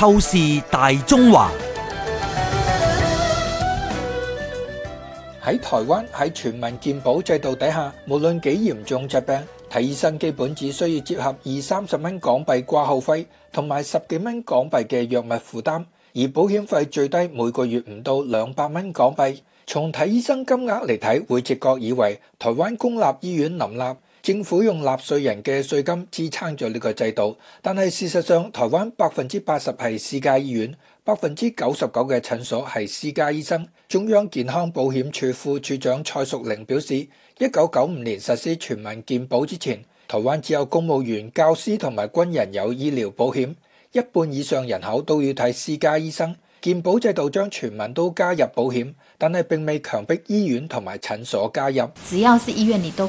透視大中華，喺台灣喺全民健保制度底下，無論幾嚴重疾病睇醫生，基本只需要支付二三十蚊港幣掛號費，同埋十幾蚊港幣嘅藥物負擔，而保險費最低每個月唔到兩百蚊港幣。從睇醫生金額嚟睇，會直覺以為台灣公立醫院林立。政府用納稅人嘅稅金支撐咗呢個制度，但係事實上，台灣百分之八十係私家醫院，百分之九十九嘅診所係私家醫生。中央健康保險處副處長蔡淑玲表示，一九九五年實施全民健保之前，台灣只有公務員、教師同埋軍人有醫療保險，一半以上人口都要睇私家醫生。健保制度將全民都加入保險，但係並未強迫醫院同埋診所加入。只要是醫院，你都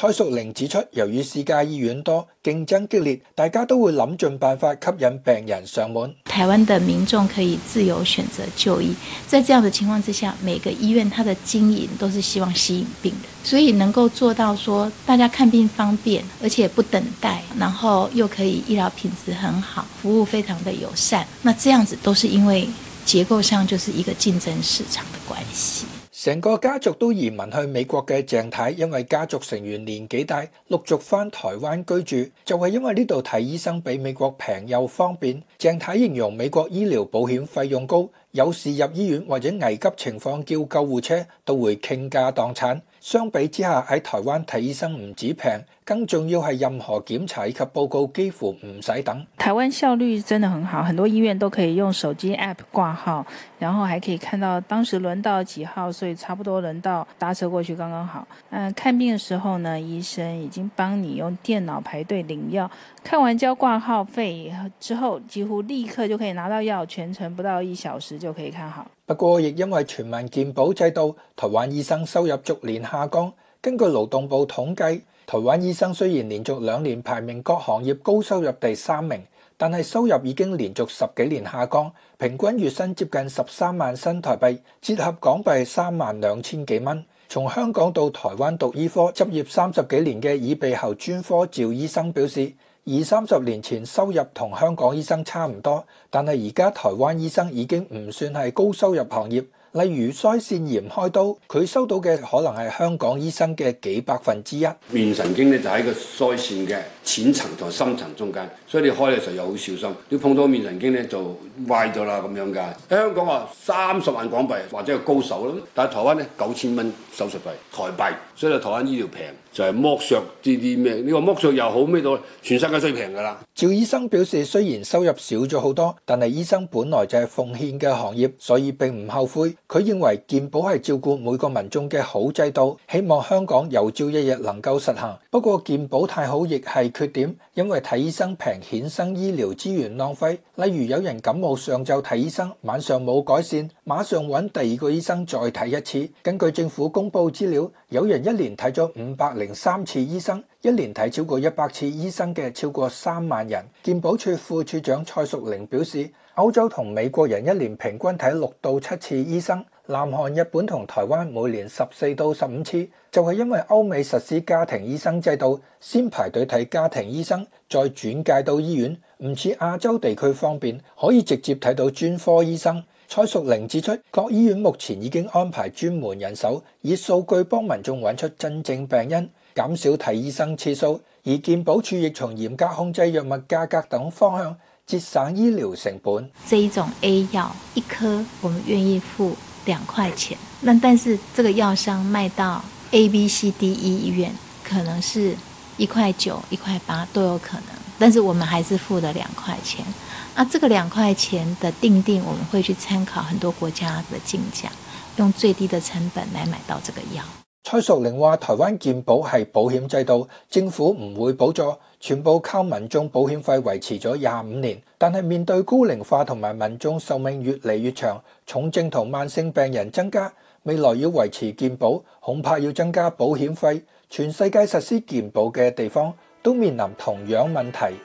蔡淑玲指出，由於私家醫院多，競爭激烈，大家都會諗盡辦法吸引病人上門。台灣的民眾可以自由選擇就醫，在這樣的情況之下，每個醫院它的經營都是希望吸引病人，所以能夠做到說大家看病方便，而且不等待，然後又可以醫療品質很好，服務非常的友善。那這樣子都是因為結構上就是一個競爭市場的關係。成個家族都移民去美國嘅鄭太，因為家族成員年紀大，陸續返台灣居住，就係、是、因為呢度睇醫生比美國平又方便。鄭太形容美國醫療保險費用高，有事入醫院或者危急情況叫救護車都會傾家蕩產。相比之下，喺台灣睇醫生唔止平，更重要係任何檢查以及報告幾乎唔使等。台灣效率真的很好，很多醫院都可以用手機 APP 掛號，然後還可以看到當時輪到幾號，所以差不多輪到搭車過去，剛剛好。嗯、呃，看病嘅時候呢，醫生已經幫你用電腦排隊領藥，看完交掛號費之後，幾乎立刻就可以拿到藥，全程不到一小時就可以看好。不過，亦因為全民健保制度，台灣醫生收入逐年下降。根據勞動部統計，台灣醫生雖然連續兩年排名各行業高收入第三名，但係收入已經連續十幾年下降，平均月薪接近十三萬新台幣，折合港幣三萬兩千幾蚊。從香港到台灣讀醫科，執業三十幾年嘅耳鼻喉專科趙醫生表示。二三十年前收入同香港醫生差唔多，但係而家台灣醫生已經唔算係高收入行業。例如腮腺炎開刀，佢收到嘅可能係香港醫生嘅幾百分之一。面神經咧就喺個腮腺嘅淺層同深層中間，所以你開嘅時候又好小心。你碰到面神經咧就歪咗啦，咁樣噶香港話三十萬港幣或者係高手啦，但係台灣咧九千蚊手術費台幣，所以台灣醫療平就係、是、剝削啲啲咩？你話剝削又好，咩到全世界最平噶啦？趙醫生表示，雖然收入少咗好多，但係醫生本來就係奉獻嘅行業，所以並唔後悔。佢認為健保係照顧每個民眾嘅好制度，希望香港有朝一日能夠實行。不過健保太好亦係缺點，因為睇醫生平衍生醫療資源浪費。例如有人感冒上晝睇醫生，晚上冇改善，馬上揾第二個醫生再睇一次。根據政府公佈資料，有人一年睇咗五百零三次醫生。一年睇超過一百次醫生嘅超過三萬人，健保署副署長蔡淑玲表示，歐洲同美國人一年平均睇六到七次醫生，南韓、日本同台灣每年十四到十五次，就係因為歐美實施家庭醫生制度，先排隊睇家庭醫生，再轉介到醫院，唔似亞洲地區方便，可以直接睇到專科醫生。蔡淑玲指出，各醫院目前已經安排專門人手，以數據幫民眾揾出真正病因。減少睇醫生次數，而健保處亦從嚴格控制藥物價格等方向節省醫療成本。這一種 A 藥一顆，我們願意付兩塊錢。那但是這個藥商賣到 A、B、C、D、E 醫院，可能是一塊九、一塊八都有可能。但是我們還是付了兩塊錢。那這個兩塊錢的定定，我們會去參考很多國家的進價，用最低的成本來買到這個藥。蔡淑玲話：台灣健保係保險制度，政府唔會補助，全部靠民眾保險費維持咗廿五年。但係面對高齡化同埋民眾壽命越嚟越長，重症同慢性病人增加，未來要維持健保，恐怕要增加保險費。全世界實施健保嘅地方都面臨同樣問題。